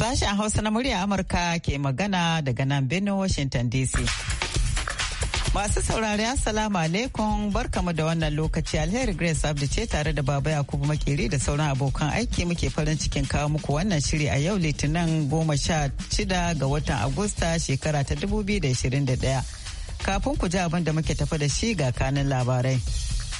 Sashen Hausa na murya Amurka ke magana daga nan Benin, Washington DC. Masu saurari Assalamu alaikum barkamu da wannan lokaci alheri Grace Abdi ce tare da Baba Yakubu Makeri da sauran abokan aiki muke farin cikin kawo muku wannan shiri a yau Litinin goma sha shida ga watan Agusta shekara ta 2021. Kafin ku ji abin da muke tafi da shi ga kanin labarai.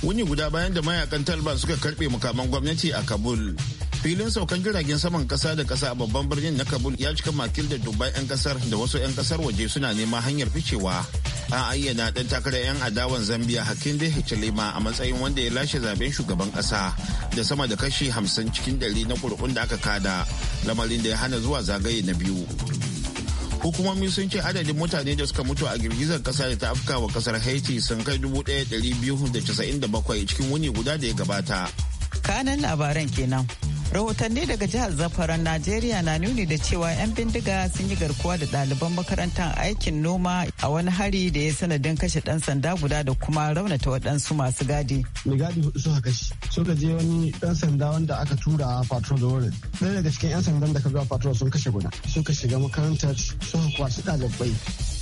Wuni guda bayan da mayakan Taliban suka karbe mukaman gwamnati a Kabul. filin saukan jiragen saman kasa da kasa a babban birnin na kabul ya cika makil da dubai 'yan kasar da wasu 'yan kasar waje suna neman hanyar ficewa an ayyana dan takarar 'yan adawan zambia hakinde hichilema a matsayin wanda ya lashe zaben shugaban kasa da sama da kashi 50 cikin 100 na kurkun da aka kada lamarin da ya hana zuwa zagaye na biyu hukumomi sun ce adadin mutane da suka mutu a girgizar kasa da ta afka wa kasar haiti sun kai dubu 1297 cikin wuni guda da ya gabata kanan labaran kenan rahotanni daga jihar zafaran najeriya na nuni da cewa 'yan bindiga sun yi garkuwa da ɗaliban makarantar aikin noma a wani hari da ya sanadin kashe ɗan sanda guda da kuma raunata waɗansu masu gadi. gadi hudu haka shi. suka je wani dan sanda wanda aka tura patrol da wurin ɗaya daga cikin yan sandan da ka ga patrol sun kashe guda suka shiga makarantar suka kwashi ɗalibai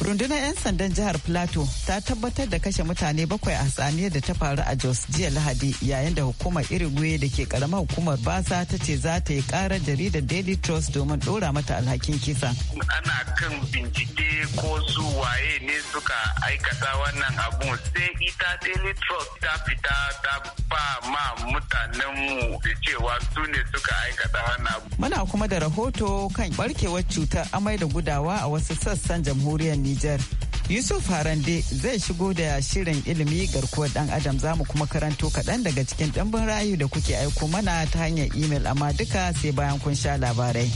rundunar 'yan sandan jihar plateau ta tabbatar da kashe mutane bakwai a hasaniyar da ta faru a jos jiya lahadi yayin da hukumar irigwe da ke karamar hukumar basa ta ce za ta yi karar jaridar daily trust domin ɗora mata alhakin kisa ana kan bincike ko su waye ne suka aikata wannan abun sai ita daily trust ta fita ta ba ma mutanenmu da cewa su ne suka aikata wannan. Muna kuma da rahoto kan barkewar cutar amai da gudawa a wasu sassan jamhuriyar Nijar. Yusuf Harande zai shigo da shirin ilimi garkuwar dan Adam za mu kuma karanto kaɗan daga cikin ɗanbin rayu da kuke aiko mana ta hanyar imel amma duka sai bayan kun sha labarai.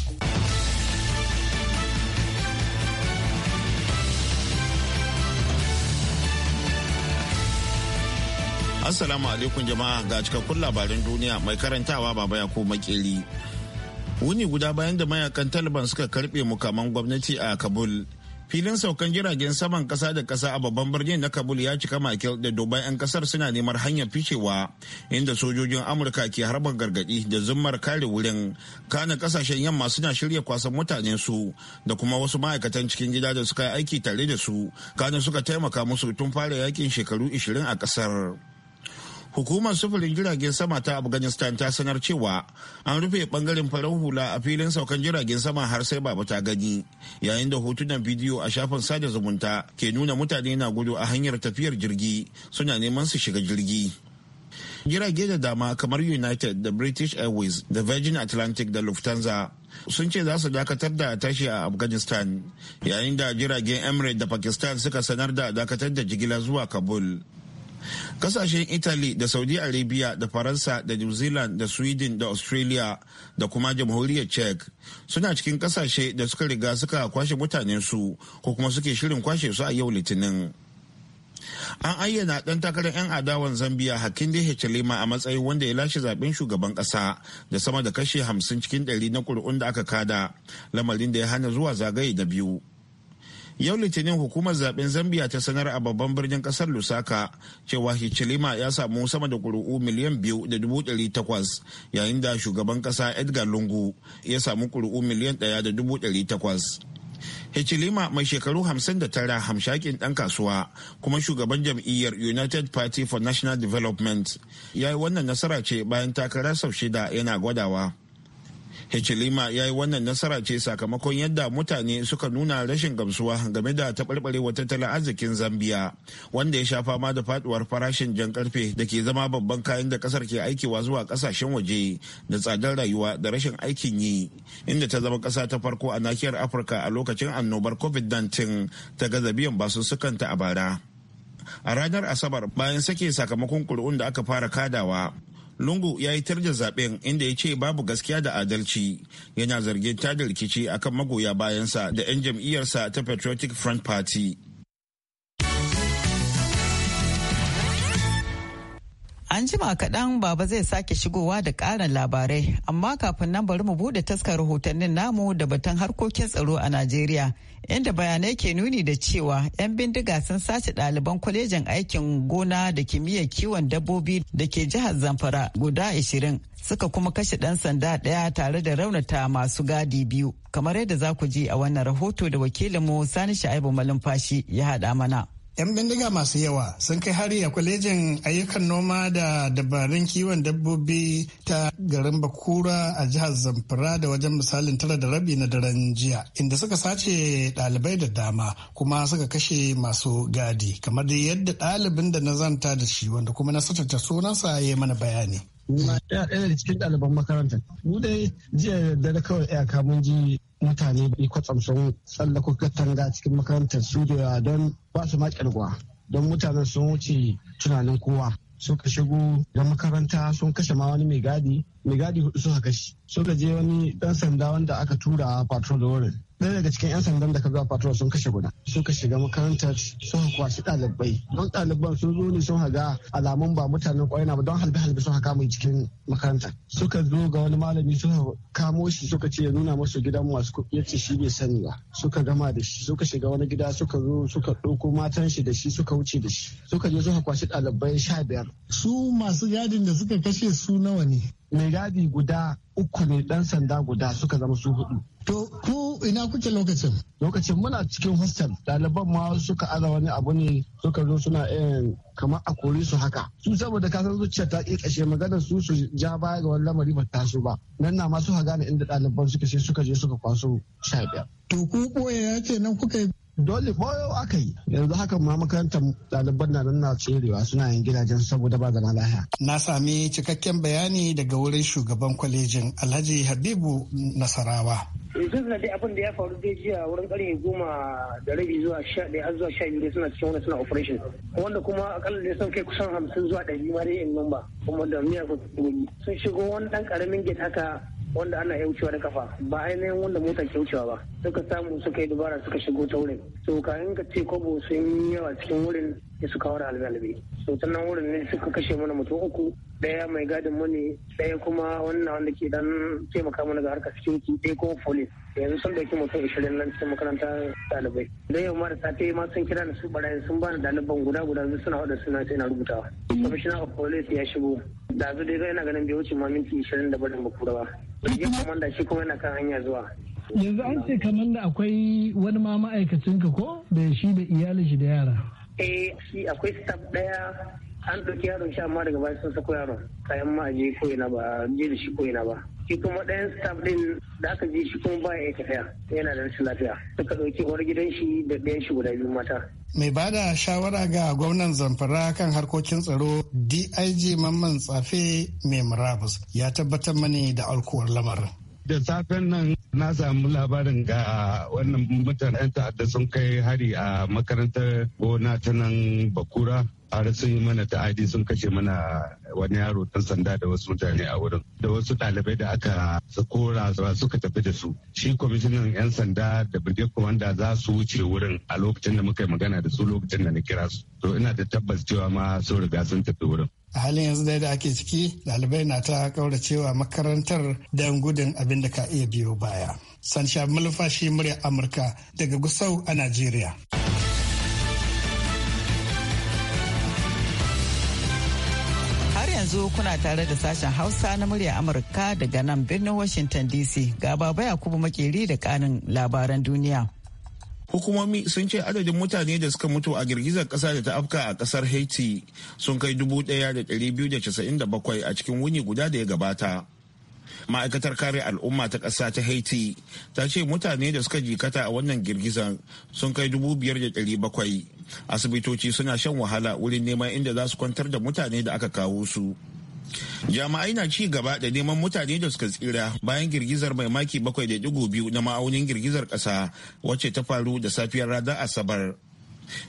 Assalamu alaikum jama'a ga cikakkun labarin duniya mai karantawa baba ya ko makeri. Wuni guda bayan da mayakan Taliban suka karbe mukaman gwamnati a Kabul. Filin saukan jiragen saman kasa da kasa a babban birnin na Kabul ya cika makil da Dubai 'yan kasar suna neman hanyar ficewa inda sojojin Amurka ke harbar gargadi da zummar kare wurin. Kana kasashen yamma suna shirya kwasan mutanen su da kuma wasu ma'aikatan cikin gida da suka yi aiki tare da su. Kana suka taimaka musu tun fara yakin shekaru 20 a kasar. hukumar sufurin jiragen sama ta afghanistan ta sanar cewa an rufe bangaren farar hula a filin saukan jiragen sama har sai babu ta gani yayin da hotunan bidiyo a shafin sada zumunta ke nuna mutane na gudu a hanyar tafiyar jirgi suna neman su shiga jirgi jirage da dama kamar united da british airways da virgin atlantic da lufthansa sun ce za su dakatar da tashi a afghanistan yayin da jiragen emirates da pakistan suka sanar da dakatar da jigila zuwa kabul Kasashen Italy da Saudi Arabia da Faransa da New Zealand da Sweden da Australia da kuma jamhuriyar Czech suna cikin kasashe da suka riga suka kwashe mutanensu ko kuma suke shirin kwashe su a yau litinin. An ayyana ɗan takarar 'yan adawan Zambiya da Hichilema a matsayin wanda ya lashe zaben shugaban ƙasa da sama da kashe 50 cikin 100 na kuri'un da aka kada, lamarin da ya hana zuwa zagaye da biyu. yau litinin hukumar zaben zambia ta sanar a babban birnin kasar lusaka cewa hichilima ya samu sama da kuri'u miliyan biyu da dubu ɗari takwas yayin da shugaban kasa edgar lungu ya samu kuri'u miliyan ɗaya da dubu ɗari takwas hichilima mai shekaru 59 hamshakin ɗan kasuwa kuma shugaban jam'iyyar united party for national development ya yi wannan nasara ce bayan takarar sau shida yana gwadawa Hichilima ya yi wannan nasara ce sakamakon yadda mutane suka nuna rashin gamsuwa game da taɓarɓarewar tattalin arzikin Zambiya, wanda ya sha fama da faduwar farashin jan karfe da ke zama babban kayan da ƙasar ke aikewa zuwa ƙasashen waje da tsadar rayuwa da rashin aikin yi, inda ta zama ƙasa ta farko a nahiyar Afirka a lokacin annobar COVID-19 ta gaza biyan basussukanta a bara. A ranar Asabar bayan sake sakamakon ƙuri'un da aka fara kadawa, lungu ya yi tarja zaben inda ya ce babu gaskiya da adalci yana zargin tada rikici akan magoya bayansa da 'yan jam'iyyarsa ta patriotic front party An jima kaɗan baba zai sake shigowa da ƙarin labarai, amma kafin nan bari mu buɗe taskar rahotannin namu da batun harkokin tsaro a Najeriya, inda bayanai ke nuni da cewa 'yan bindiga sun sace ɗaliban kwalejin aikin gona da kimiyyar kiwon dabbobi da ke jihar Zamfara guda 20 suka kuma kashe ɗan sanda ɗaya tare da raunata masu gadi biyu, kamar yadda za ku ji a wannan rahoto da wakilinmu Sani Sha'ibu Malumfashi ya haɗa mana. 'Yan bindiga masu yawa sun kai hari a kwalejin ayyukan noma da dabarun kiwon dabbobi ta garin Bakura a jihar Zamfara da wajen misalin tara da rabi na daren jiya, inda suka sace dalibai da dama kuma suka kashe masu gadi, kamar da yadda ɗalibin da na zanta da shi wanda kuma na satanta sunansa ya yi mana bayani. ma ɗaya ɗaya da cikin ɗaliban makarantar mu dai jiya da kawai iyaka mun ji mutane bai kwatsam sun tsallako katanga cikin makarantar su da don ba su ma don mutanen sun wuce tunanin kowa ka shigo da makaranta sun kashe ma wani mai gadi mai gadi hudu suka kashe suka je wani ɗan sanda wanda aka tura patrol da wurin ɗaya daga cikin 'yan sandan da ka zuwa patrol sun kashe guda ka shiga makarantar sun kwashi ɗalibai don ɗaliban sun zo ne sun haga alamun ba mutanen ƙwarai na ba don halbe halbe sun haka mai cikin makaranta suka zo ga wani malami suka kamo shi suka ce ya nuna masu gidan masu kuɗi ya ce shi bai sani ba suka gama da shi suka shiga wani gida suka zo suka ɗauko matan shi da shi suka wuce da shi suka je suka kwashi ɗalibai sha biyar. su masu gadin da suka kashe su nawa ne. mai gadi guda uku ne dan sanda guda suka zama su hudu. To ku ina kuke lokacin? Lokacin muna cikin hostel ɗaliban ma suka aza wani abu ne suka zo suna yin eh, kamar a kori su haka. Su saboda ka san zuciya ta ƙi ƙashe maganar su su ja baya ga wani lamari ba taso ba. Nan na ma suka gane inda daliban suka sai suka je suka kwaso sha biyar. To ku ɓoye ya ce nan kuka yi dole boyo aka yi yanzu haka ma makarantar ɗaliban na nan na tserewa suna yin gidajen saboda ba zama lahiya. na sami cikakken bayani daga wurin shugaban kwalejin alhaji habibu nasarawa. yanzu na dai abin da ya faru dai jiya wurin karfe goma da rabi zuwa sha ɗaya zuwa sha biyu suna cikin wani suna operation wanda kuma akalla da sun kai kusan hamsin zuwa ɗari ma dai in nan ba kuma da miyagun sun shigo wani ɗan ƙaramin gate haka wanda ana iya wucewa da kafa ba ainihin wanda motar ke wucewa ba suka samu suka yi dubara suka shigo ta wurin so kayan ka ce kobo sun yi yawa cikin wurin ya suka wara halbe so ta nan wurin ne suka kashe mana mutum uku daya mai gadin mu ne daya kuma wannan wanda ke dan taimaka mana ga harkar security ɗaya kuma folis. yanzu sun dauki mutum ishirin nan cikin makaranta ɗalibai da yau ma da safe ma sun kira da su barayin sun ba da ɗaliban guda guda suna haɗa suna sai na rubutawa commissioner of police ya shigo dazu dai yana ganin bai wuce ma minti ishirin da barin bakura ba ya kamanda shi kuma yana kan hanya zuwa yanzu an ce kamar da akwai wani ma ma'aikacin ka ko da shi da iyalin shi da yara eh shi akwai staff daya an ɗauki yaron shi amma daga baya sun sako yaron kayan ma aje ko ina ba je da shi ko ina ba shi kuma ɗayan staff ɗin da aka je shi kuma baya ya tafiya yana da rashin lafiya suka ɗauki uwar gidan shi da ɗayan shi guda biyu mata. mai bada shawara ga gwamnan zamfara kan harkokin tsaro dig mamman tsafe mai murabus ya tabbatar mani da alkuwar lamarin. da safen nan na samu labarin ga wannan mutanen ta'adda sun kai hari a makarantar gona ta nan bakura har sun yi mana ta'adi sun kashe mana wani yaro ɗan sanda da wasu mutane a wurin da wasu ɗalibai da aka kora suka tafi da su shi kwamishinan 'yan sanda da birgin komanda za su wuce wurin a lokacin da muka yi magana da su lokacin da na kira su to ina da tabbas cewa ma sun riga sun tafi wurin a halin yanzu dai da ake ciki ɗalibai na ta kauracewa makarantar don gudun abin da ka iya biyo baya sansha malfashi murya amurka daga gusau a najeriya yanzu kuna tare da sashen Hausa na murya Amurka daga nan birnin Washington DC ga baba Yakubu makeri da kanin labaran duniya. Hukumomi sun ce adadin mutane da suka mutu a girgizar kasa da ta afka a kasar Haiti sun kai 1,297 a cikin wuni guda da ya gabata. ma'aikatar kare al'umma ta ƙasa ta haiti ta ce mutane da suka jikata a wannan girgizan sun kai dubu biyar da ɗari bakwai asibitoci suna shan wahala wurin neman inda za su kwantar da mutane da aka kawo su jama'ai na ci gaba da neman mutane da suka tsira bayan girgizar mai maki bakwai da digo biyu na ma'aunin girgizar ƙasa wacce ta faru da safiyar ranar asabar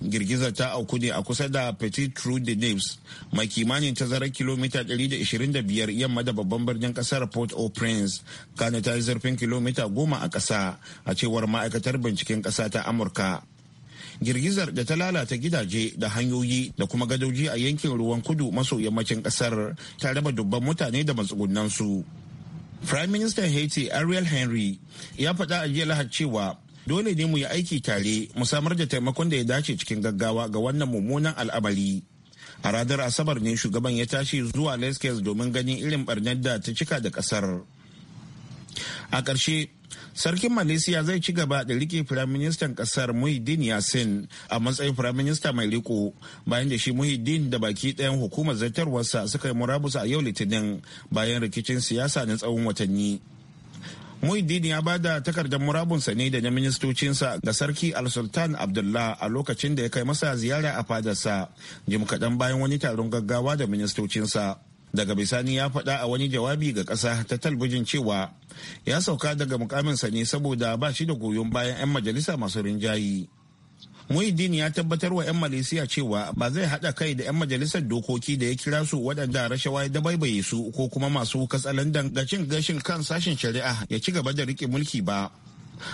girgizar ta auku ne a kusa da petit trou de neves mai kimanin tazarar kilomita 125 yamma da babban birnin kasar port au prince kano ta yi zarfin kilomita 10 a ƙasa a cewar ma'aikatar binciken ƙasa ta amurka girgizar da ta lalata gidaje da hanyoyi da kuma gadoji a yankin ruwan kudu maso yammacin ƙasar. ta raba dubban mutane da matsugunansu. Prime Minister Haiti Ariel Henry ya faɗa a jiya lahar cewa dole ne mu yi aiki tare mu samar da taimakon da ya dace cikin gaggawa ga wannan mummunan al'amari a ranar asabar ne shugaban ya tashi zuwa leskes domin ganin irin barnar da ta cika da kasar a ƙarshe sarkin malaysia zai ci gaba da rike firaministan kasar muhiddin yasin a matsayin firaminista mai riko bayan da shi muhiddin da baki ɗayan hukumar zartarwarsa suka yi murabus a yau litinin bayan rikicin siyasa na tsawon watanni Muhyiddin ya bada takardar murabunsa ne da na ministocinsa ga sarki Al-Sultan Abdullah a lokacin da ya kai masa ziyara a fadarsa, jim kaɗan bayan wani taron gaggawa da ministocinsa. Daga bisani ya faɗa a wani jawabi ga ƙasa ta talbijin cewa ya sauka daga mukaminsa ne saboda ba shi da goyon bayan 'yan majalisa masu rinjayi. muhiddin ya tabbatar wa 'yan malaysiya cewa ba zai haɗa kai da 'yan majalisar dokoki da ya kira su waɗanda rashawa ya dabaibaye su ko kuma masu katsalandan ga cin gashin kan sashen shari'a ya ci gaba da riƙe mulki ba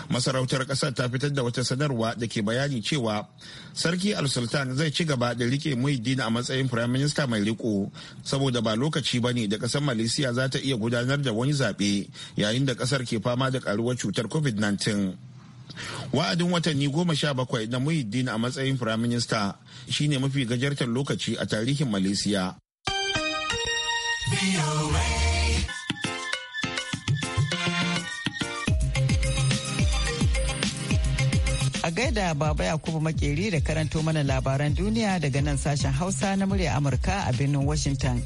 masarautar ƙasar ta fitar da wata sanarwa da ke bayani cewa sarki al-sultan zai ci gaba da rike muhiddin a matsayin prime minister mai riƙo saboda ba lokaci ba ne da ƙasar malaysia za ta iya gudanar da wani zaɓe yayin da ƙasar ke fama da ƙaruwar cutar covid-19 wa'adin watanni goma sha bakwai na muhiddin a matsayin firaminista shine mafi gajartar lokaci a tarihin malaysia a gaida baba yakubu makeri da karanto mana labaran duniya daga nan sashen hausa na murya amurka a birnin washington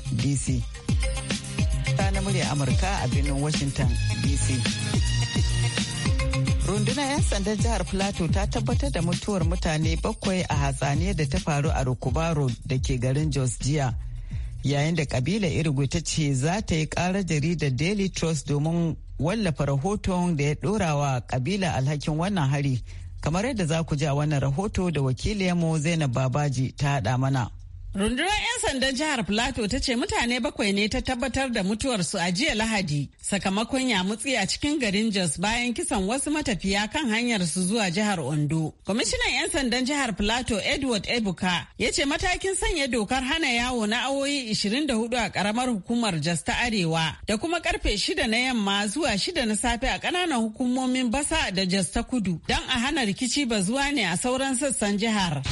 na murya amurka a birnin washington dc rundunar 'yan sandan jihar plateau ta tabbatar da mutuwar mutane bakwai a hatsaniya da ta faru a rukubaro da ke garin jos jiya yayin da kabila irigu ta ce za ta yi karar jaridar daily trust domin wallafa rahoton da ya dora wa kabila alhakin wannan hari kamar yadda za ku ji a wannan rahoto da wakiliyarmu zainab babaji ta haɗa mana Rundunar 'yan sandan jihar Plateau ta ce mutane bakwai ne ta tabbatar da mutuwarsu a jiya Lahadi sakamakon yamutsi a cikin garin Jos bayan kisan wasu matafiya kan hanyar su zuwa jihar Ondo. Kwamishinan 'yan sandan jihar Plateau Edward Ebuka ya ce matakin sanya dokar hana yawo na awoyi 24 a karamar hukumar Jos ta Arewa da kuma karfe 6 na yamma zuwa 6 na safe a kananan hukumomin Basa da Jos ta Kudu don a hana rikici ba zuwa ne a sauran sassan jihar.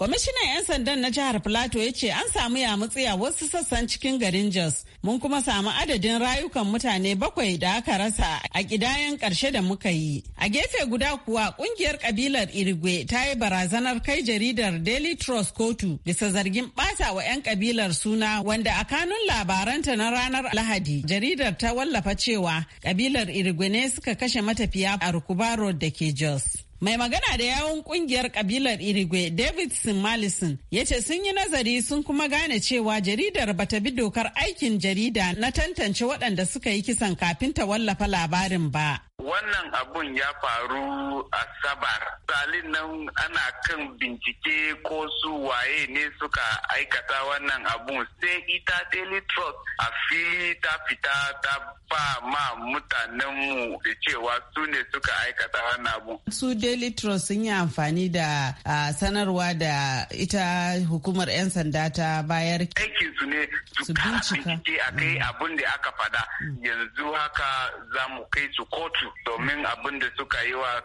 Kwamishinan 'yan sandan na jihar Plateau ya ce an samu yamutsi a wasu sassan cikin garin Jos. Mun kuma samu adadin rayukan mutane bakwai da aka rasa a kidayen karshe da muka yi. A gefe guda kuwa kungiyar kabilar Irigwe ta yi barazanar kai jaridar Daily Trust kotu bisa zargin bata wa 'yan kabilar suna wanda a kanun labaranta na ranar Lahadi jaridar ta wallafa cewa kabilar Irigwe ne suka kashe matafiya a Rukuba da ke Jos. Mai magana da yawun kungiyar kabilar Irigwe David Simalison ya ce sun yi nazari sun kuma gane cewa jaridar bata bi dokar aikin jarida na tantance waɗanda suka yi kisan kafin ta wallafa labarin ba. wannan abun ya faru a sabar. salin nan ana kan bincike ko su waye ne suka aikata wannan abun sai ita daily trust a fili ta fita ta ba ma mutanenmu da cewa su ne suka aikata wannan abun su daily trust sun yi amfani da sanarwa da ita hukumar 'yan sanda ta bayar su ne su bincike a kai abun da aka fada mm. yanzu haka za mu kai su kotu domin abin da suka yi wa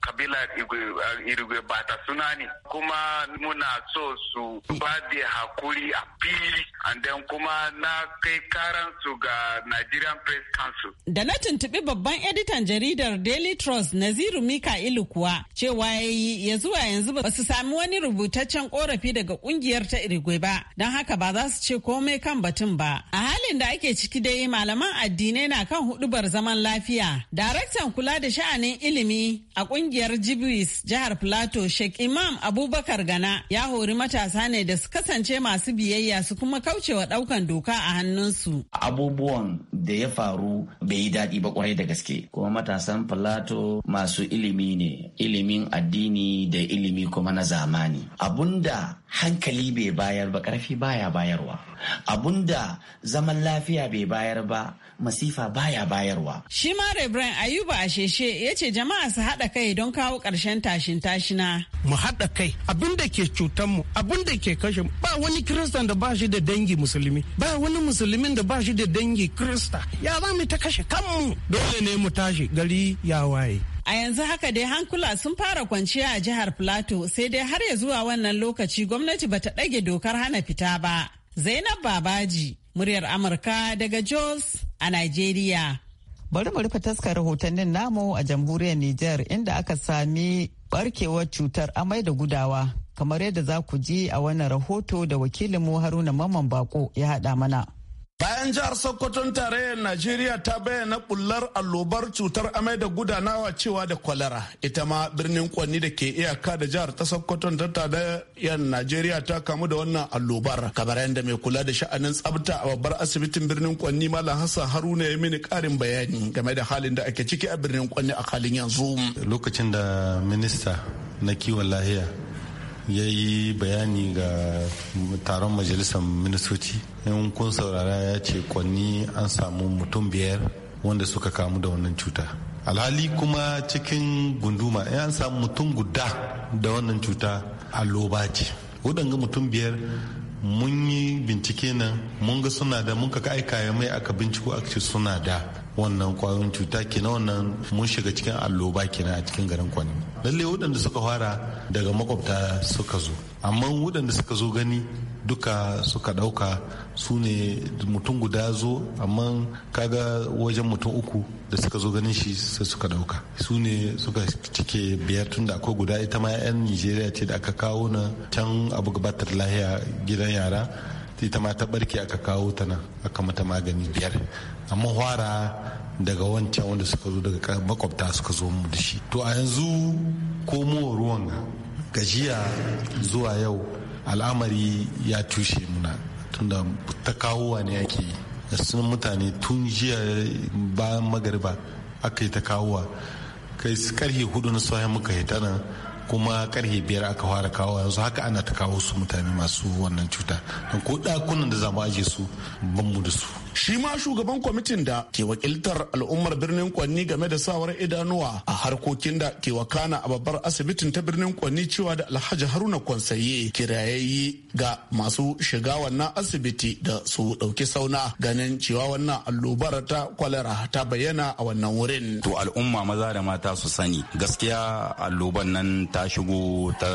kabila uh, irigwe ba ta suna ne kuma muna so su ba da hakuri a fili then kuma na kai karansu ga Nigerian Press Council. Da na tuntuɓi babban editan jaridar Daily Trust Naziru Mika'ilu kuwa cewa ya yi ya zuwa yanzu ba su sami wani rubutaccen korafi daga kungiyar ta irigwe ba don haka ba za su ce komai kan batun ba. A halin da ake ciki dai malaman addinai na kan hudubar zaman lafiya. Daraktan kula da sha'anin ilimi a kungiyar Jibris jihar Plateau Sheikh Imam Abubakar Gana ya hori matasa ne da su kasance masu biyayya su kuma kaucewa daukan doka a hannunsu. Abubuwan da ya faru bai yi daɗi ba kwarai da gaske. Kuma matasan Plateau masu ilimi ne, ilimin addini da ilimi kuma na zamani. Abunda hankali bai bayar ba ƙarfi baya bayarwa. Abunda zaman lafiya bai bayar ba masifa baya bayarwa. Shi ma Rebren Ayuba a sheshe ya ce jama'a su haɗa kai don kawo ƙarshen tashin tashina. Mu haɗa kai abin da ke cutar mu abin da ke kashe mu ba wani kiristan da ba shi da dangi musulmi ba wani musulmin da ba shi da dangi kirista ya za mu ta kashe kanmu dole ne mu tashi gari ya waye. A yanzu haka dai hankula sun fara kwanciya a jihar Plateau sai dai har ya zuwa wannan lokaci gwamnati bata ɗage dokar hana fita ba. Zainab Babaji, muryar Amurka daga Jos a Najeriya. Bari mu rufe taskar rahotannin namu a jamhuriyar Nijar inda aka sami barkewar cutar amai da gudawa kamar yadda za ku ji a wannan rahoto da wakilinmu Haruna Mamman Bako ya haɗa mana. bayan jihar sokoton tarayyar najeriya ta bayyana bullar allobar cutar amai da gudanawa cewa da kwalara ita ma birnin kwanni da ke iyaka da jihar ta sokoton ta tarayyar najeriya ta kamu da wannan allobar kamar yadda mai kula da sha'anin tsabta a babbar asibitin birnin kwanni malam hassan haruna ya mini karin bayani game da halin da ake ciki a birnin kwanni a halin yanzu lokacin da minista na kiwon lahiya ya yi bayani ga taron majalisar ministoci in kun saurara ya ce kwanni an samu mutum biyar wanda suka kamu da wannan cuta alhali kuma cikin gunduma in an samu mutum guda da wannan cuta loba ce waɗanga mutum biyar mun yi bincike nan mun ga suna da mun kaka aika mai aka binciko aka ce suna da wannan kwayoyin cuta kenan wannan mun shiga cikin alloba kenan a cikin garin kwanni lallai waɗanda suka fara daga makwabta suka zo amma waɗanda suka zo gani duka suka ɗauka su ne mutum guda zo amma kaga wajen mutum uku da suka zo ganin shi sai suka ɗauka su ne suka cike biyar tun da akwai guda ita ma 'yan nigeria ce da aka kawo na can abu gabatar lahiya gidan yara ita ma ta barke aka kawo ta nan aka mata magani biyar amma hwara daga wancan wanda suka zo daga makwabta suka zo mu da shi to a yanzu komowa ruwan gajiya zuwa yau al'amari ya tushe muna tunda ta kawowa ne ake yi da sun mutane tun jiya bayan magariba aka yi ta kawowa kai su karhe hudu na sauran muka hita nan kuma karhe biyar aka fara kawo yanzu haka ana ta kawo su mutane masu wannan cuta ko ɗakunan da za mu aje su ban mu da su shi ma shugaban kwamitin da ke wakiltar al'ummar birnin kwanni game da sawar idanuwa a harkokin da ke wakana a babbar asibitin ta birnin kwanni cewa da alhaji haruna kwansaye kirayayi ga masu shiga wannan asibiti da su dauki sauna ganin cewa wannan allobar ta kwalara ta bayyana a wannan wurin to al'umma maza da mata su sani gaskiya alloban nan ta shigo ta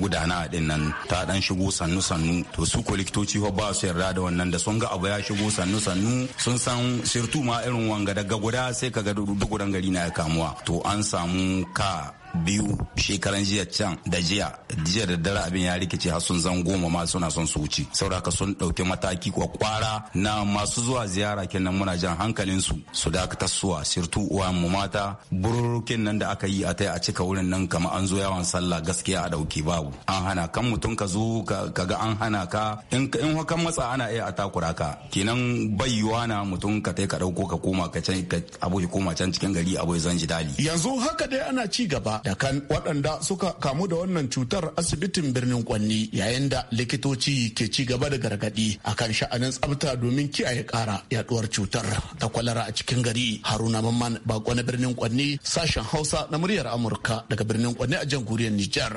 gudana din nan ta dan shigo sannu sannu to su kwaliktoci ba su yarda da wannan da sun ga abu ya shigo sannu sannu sun san shirtu ma irin wanga daga guda sai ka ga dugudan gari na ya kamuwa to an samu ka biyu shekaran jiya can da jiya jiya da dare abin ya rikice har sun zan goma ma suna son su wuce saboda haka sun ɗauki mataki kwara na masu zuwa ziyara kenan muna jan hankalin su su dakatar suwa sirtu uwa mu mata bururukin nan da aka yi a tai a cika wurin nan kamar an zo yawan sallah gaskiya a dauki babu an hana kan mutum ka zo ka ga an hana ka in kan matsa ana iya a takura ka kenan bayyuwa na mutum ka tai ka dauko ka koma ka can abu ya koma can cikin gari abu ya zan ji dali yanzu haka dai ana ci gaba da kan waɗanda suka kamu da wannan cutar asibitin birnin Kwanni yayin da likitoci ke ci gaba da gargaɗi kan sha'anin tsafta domin kiyaye kara yaduwar cutar ta kwalara a cikin gari. Haruna Mamman bako na birnin Kwanni sashen Hausa na muryar Amurka daga birnin Kwanni a jamhuriyar Nijar.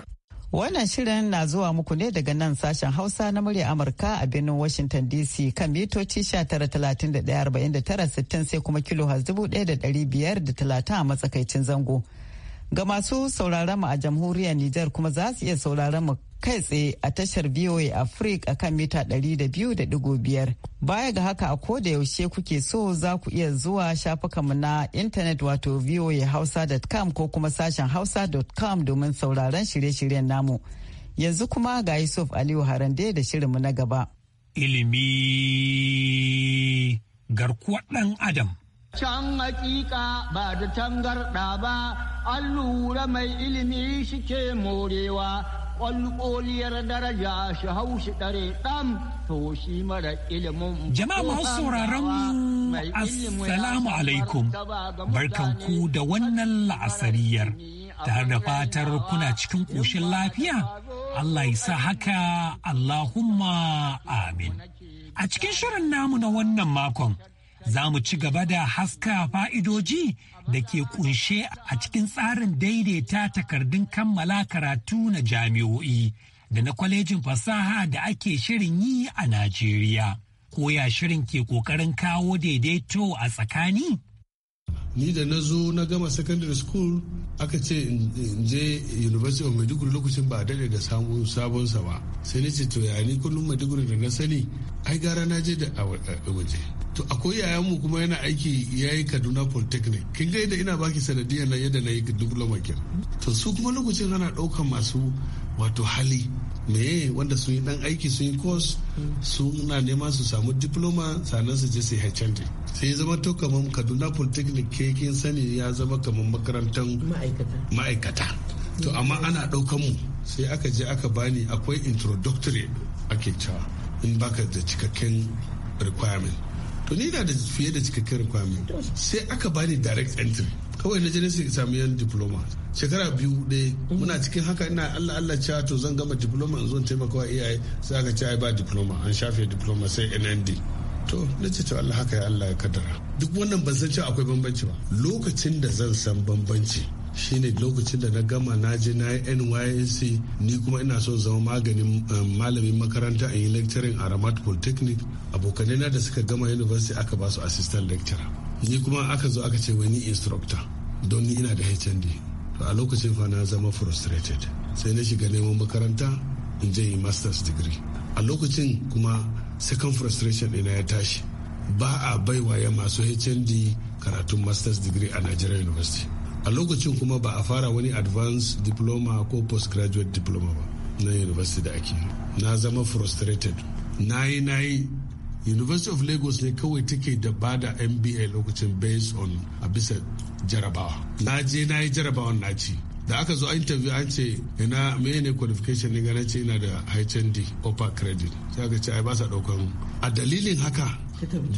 Wannan shirin na zuwa muku ne daga nan sashen Hausa na murya Amurka a birnin Washington DC kan mitoci sittin sai kuma kilo 1,530 a matsakaicin zango. Ga masu sauraron mu a jamhuriyar Nijar kuma za su iya sauraron mu kai tsaye a tashar VOA Africa kan mita 200.5. Baya ga haka a koda yaushe kuke so za ku iya zuwa mu na intanet wato voahausa.com ko kuma sashen hausa.com domin sauraron shirye-shiryen namu. Yanzu kuma ga Yusuf Aliyu Harande da shirin mu na gaba. Ilimi garkuwar ɗan Adam. Can hakika ba da tangarɗa ba, an lura mai ilimi shi ke morewa, ƙwalƙoliyar daraja shi hau shi ɗare ɗan to shi mara ilimin. Jama'a masu sauraron mu, Assalamu alaikum, barkanku da wannan la'asariyar, tare da fatar kuna cikin ƙoshin lafiya, Allah ya sa haka Allahumma amin. A cikin shirin namu na wannan makon, za mu ci gaba da haska fa'idoji da ke kunshe a cikin tsarin daidaita takardun kammala karatu na jami'o'i da na kwalejin fasaha da ake shirin yi a Najeriya. Koya shirin ke ƙoƙarin kawo daidaito a tsakani? Ni da na zo na gama secondary school aka ce in je University of Maiduguri lokacin ba dade da samun sabonsa ba. Sai na ce to ya ni kullum Maiduguri da na sani ai gara na je da waje. to akwai yayan mu kuma yana aiki yayi Kaduna Polytechnic kin ga yadda ina baki sanadiyar na yadda na yi diploma kin to su kuma lokacin ana ɗaukan masu wato hali me wanda sun yi dan aiki sun yi course suna neman su samu diploma sannan su je su HND sai zama to kamar Kaduna Polytechnic ke kin sani ya zama kamar makarantar ma'aikata to amma ana ɗaukan mu sai aka je aka bani akwai introductory ake cewa in baka da cikakken requirement to ni na da fiye da cikakken requirement sai aka bani direct entry kawai na je sai samu yan diploma shekara biyu ɗaya muna cikin haka ina Allah Allah cewa ah, to zan gama diploma in zo taimakawa iyaye sai aka ce ai ba diploma an shafe diploma sai NND to na ce Allah haka ya Allah ya kaddara duk wannan ban san cewa akwai bambanci ba lokacin da zan san bambanci shine lokacin da na gama na je na yi nysc ni kuma ina son zama maganin um, malamin makaranta in yi lecturing a ramat polytechnic abokanai da suka gama university aka ba su assistant lecturer ni kuma aka zo aka ce wani instructor don ni ina da hnd to a lokacin fa na zama frustrated sai na shiga neman makaranta in je yi masters degree a lokacin kuma second frustration ɗina ya tashi ba a baiwa ya masu hnd karatun masters degree a nigeria university a lokacin kuma ba a fara wani advanced diploma ko postgraduate diploma ba na university da ake na zama frustrated na yi na yi university of lagos ne kawai take da ba da mba lokacin based on a bisa jarabawa na je na yi jarabawan na ci da aka zo an interview an ce ina ne qualification ne gana ce ina da HND upper credit sai aka ce ai ba sa daukan a dalilin haka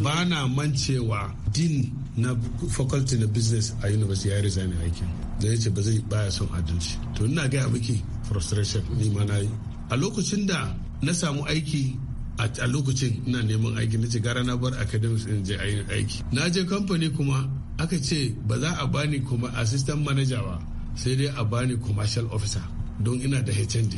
ba na mancewa din na faculty na business a university ya resign aikin da ya ce ba zai baya son adalci to ina gaya miki frustration ni ma na yi a lokacin da na samu aiki a lokacin ina neman aiki na ce gara na bar academics in je aiki na je kamfani kuma aka ce ba za a bani kuma assistant manager ba sai dai a bani commercial officer don ina da HND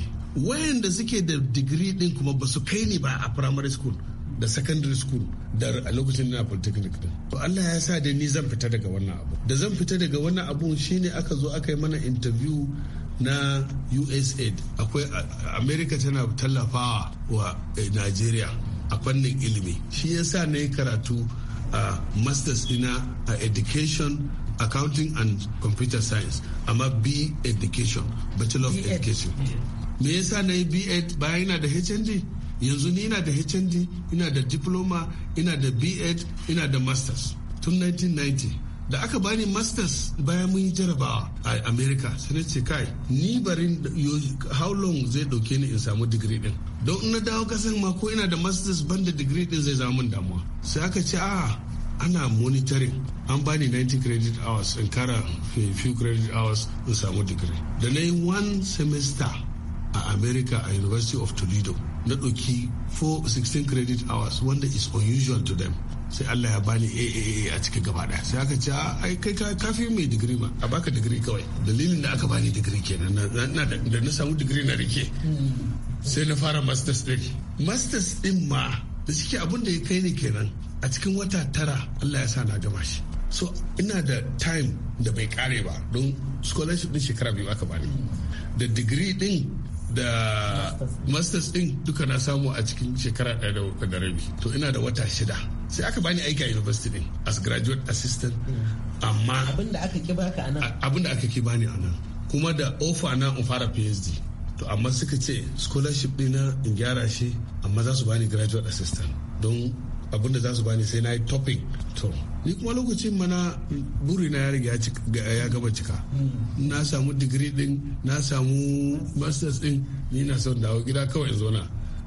wayanda suke da degree din kuma ba su kai ni ba a primary school da secondary school da a lokacin na polytechnic din to Allah ya sa da ni zan fita daga wannan abu da zan fita daga wannan abun shine aka zo aka yi mana interview na USAID akwai America tana tallafawa wa eh, Nigeria a fannin ilimi shi yasa na yi karatu a masters dina a education accounting and computer science amma b e education bachelor of e education me yasa na yi b e bayan yana da hnd yanzu ni ina da hnd ina da diploma ina da bed ina da masters tun 1990 da aka bani masters bayan mun yi jarabawa a america sai na ce kai ni barin how long zai dauke ni in samu digiri din don na dawo kasan ma ko ina da masters ban da digiri din zai zama min damuwa sai aka ce a ana monitoring an bani 90 credit hours in kara eh, few credit hours in samu digiri da na yi one semester a america a university of toledo na ɗauki 416 credit hours wanda is unusual to them sai Allah ya bani AAA a cikin gaba ɗaya sai aka ce ah, ai kai ka fi mai digiri ma a baka digiri kawai dalilin da aka bani digiri kenan da na samu digiri na rike sai na fara masters din masters ɗin ma da suke abin da ya kai ni kenan a cikin wata tara Allah ya sa na gama shi so ina da time da bai kare ba don scholarship din shekara biyu aka bani da digiri ɗin da masters din duka na samu a cikin shekara ɗaya da rabi to ina da wata shida sai aka bani aiki a university din as graduate assistant mm. amma abinda aka ki bani a nan bani anan kuma da offer na in fara PhD to amma suka ce scholarship na in gyara shi amma za su bani graduate assistant don abinda za su bani sai na yi topic to ni kuma lokacin mana burina ya riga ya gaba cika na samu digiri din na samu masters din ni na son dawo gida kawai in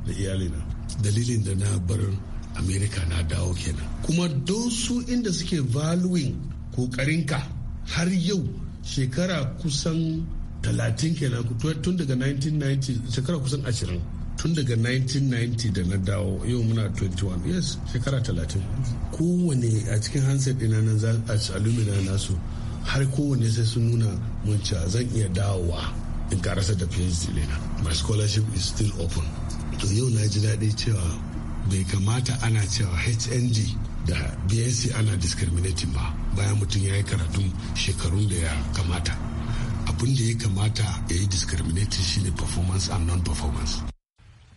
da iyalina dalilin da na bar america na dawo kenan kuma don su inda suke valuing kokarinka har yau shekara kusan talatin kenan tun daga 1990 shekara kusan ashirin tun daga 1990 da na dawo yau muna 21 yes shekara 30 kowane a cikin handset ina na za a alumina nasu har kowane sai sun nuna mun cewa zan iya dawowa in karasa da phd na my scholarship is still open to yau na ji daɗi cewa bai kamata ana cewa hng da bnc ana discriminating ba bayan mutum ya yi karatun shekarun da ya kamata abin da ya kamata ya yi discriminating shine performance and non-performance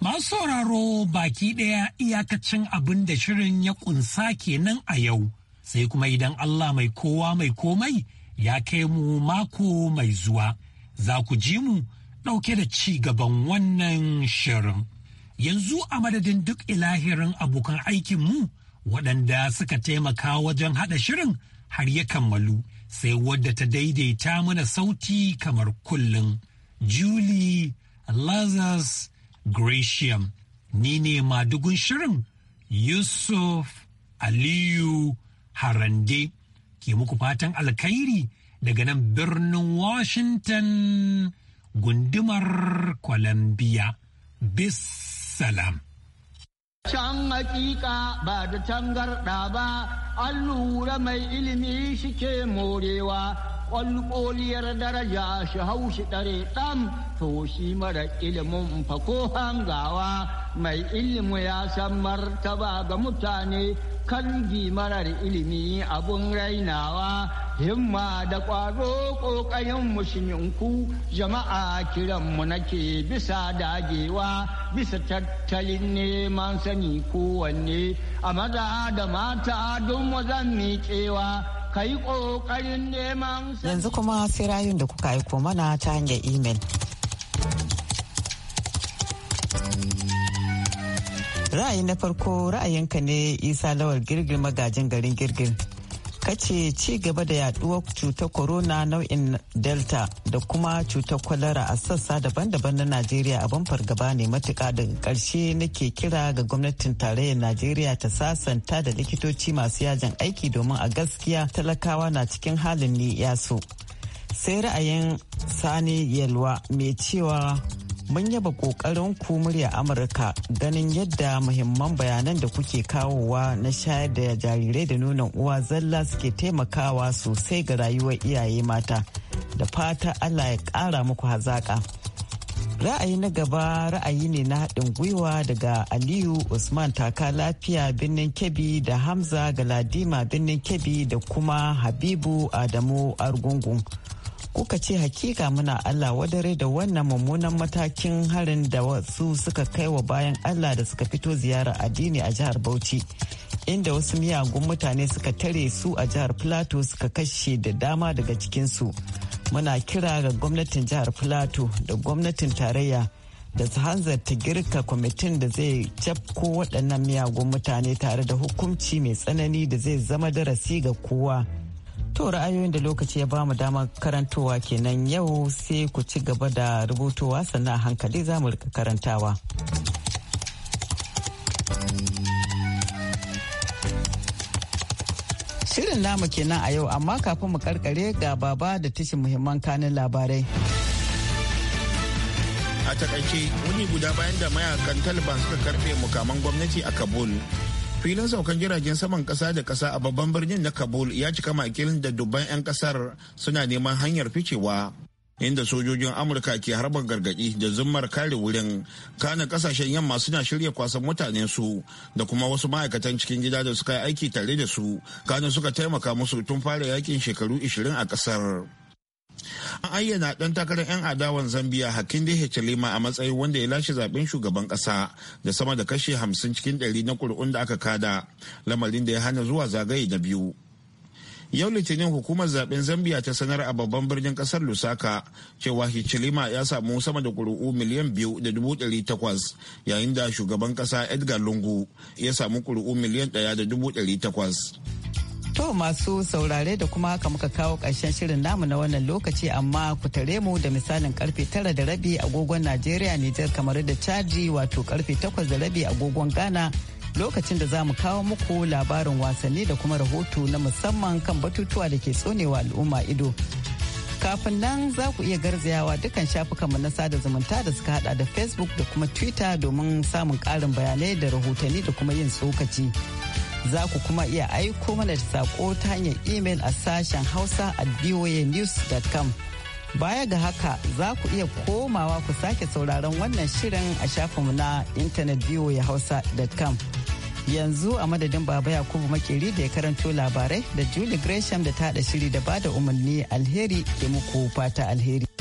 Masu sauraro baki ɗaya iyakacin abin da shirin ya ƙunsa kenan a yau, sai kuma idan Allah mai kowa mai komai ya kai mu mako mai zuwa, za ku ji mu ɗauke da ci gaban wannan shirin. Yanzu a madadin duk ilahirin abokan aikinmu waɗanda suka taimaka wajen haɗa shirin har ya kammalu, sai wadda ta daidaita mana sauti kamar kullum. Julie Lazarus Gresham. ni ne madugun shirin Yusuf Aliyu Harande ke muku fatan alkhairi daga nan birnin Washington gundumar Columbia. Bis Can hakika ba da tangarda ba, an lura mai ilimi shike morewa. ƙwalƙoliyar daraja shi haushi shi ɗare ɗan to shi mara ilimin fa ko hangawa mai ilimi ya san martaba ga mutane kan marar ilimi abun rainawa himma da ƙwaro kokayen musulminku jama'a kiranmu nake bisa dagewa bisa tattalin neman sani kowanne a maza da mata don mu zan miƙewa yi ƙoƙarin neman yanzu kuma sai rayun da kuka aiko mana ta hanyar imel. ra'ayi na farko ra'ayinka ne isa lawal girgir magajin garin girgir kace ci gaba da yaduwar cutar corona nau'in delta da kuma cutar kwalara a sassa daban-daban na najeriya abin fargaba ne matuka daga karshe nake kira ga gwamnatin tarayyar najeriya ta sasanta da likitoci masu yajin aiki domin a gaskiya talakawa na cikin halin ni yaso sai ra'ayin sani yalwa mai cewa mun yaba kokarin ku murya amurka ganin yadda muhimman bayanan da kuke kawowa na shayar da jarirai da nonon uwa zalla suke taimakawa sosai ga rayuwar iyaye mata da fata allah ya kara muku hazaka ra'ayi na gaba ra'ayi ne na haɗin gwiwa daga aliyu usman taka lafiya birnin kebi da hamza galadima birnin kebbi da kuma habibu adamu argungun. kuka ce hakika muna Allah wadare da wannan mummunan matakin harin da wasu suka kai wa bayan Allah da suka fito ziyara addini a jihar Bauchi. Inda wasu miyagun mutane suka tare su a jihar Plateau suka kashe da dama daga cikinsu. Muna kira ga gwamnatin jihar Plateau da gwamnatin tarayya da su hanzarta girka kwamitin da zai cafko waɗannan miyagun mutane tare da hukunci mai tsanani da zai zama darasi ga kowa. To ra'ayoyin da lokaci ya ba mu damar karantowa kenan yau sai ku ci gaba da rubutuwa sannan a hankali za mu rika karantawa. Shirin namu kenan a yau amma kafin mu karkare ga baba da tashin muhimman kanin labarai. A takaice wuni guda bayan da mayakan Taliban suka karfe mukaman gwamnati a Kabul. filin saukan jiragen saman kasa da kasa a babban birnin na kabul ya cika makilin da dubban 'yan kasar suna neman hanyar ficewa inda sojojin amurka ke harbar gargadi da zummar kare wurin kana kasashen yamma suna shirya kwasan mutane su da kuma wasu ma'aikatan cikin gida da suka yi aiki tare da su kana suka taimaka musu tun fara yakin shekaru 20 a kasar an ayyana dan takarar 'yan adawan zambia hakin da hechelema a matsayin wanda ya lashe zaben shugaban kasa da sama da kashe 50 cikin 100 na kuri'un da aka kada lamarin da ya hana zuwa zagaye da biyu yau litinin hukumar zaben zambia ta sanar a babban birnin kasar lusaka cewa hichilima ya samu sama da kuri'u miliyan biyu da dubu dari takwas yayin da shugaban kasa edgar lungu ya samu kuri'u miliyan daya da dubu dari takwas To masu saurare da kuma haka muka kawo ƙarshen shirin namu na wannan lokaci amma ku tare mu da misalin karfe tara da rabi agogon Najeriya Nijar kamar da caji wato karfe takwas da rabi agogon Ghana lokacin da za mu kawo muku labarin wasanni da kuma rahoto na musamman kan batutuwa da ke tsonewa al'umma ido. Kafin nan za ku iya garzayawa dukkan shafukanmu na sada zumunta da suka hada da Facebook da kuma Twitter domin samun karin bayanai da rahotanni da kuma yin tsokaci. za ku kuma iya aiko mana da sako ta hanyar imel a sashen hausa at voanews.com baya ga haka za ku iya komawa ku sake sauraron wannan shirin a shafinmu na intanet voahausa.com yanzu a madadin baba yakubu makeri da ya karanto labarai da juli gresham da ta da shiri da bada umarni alheri ke muku fata alheri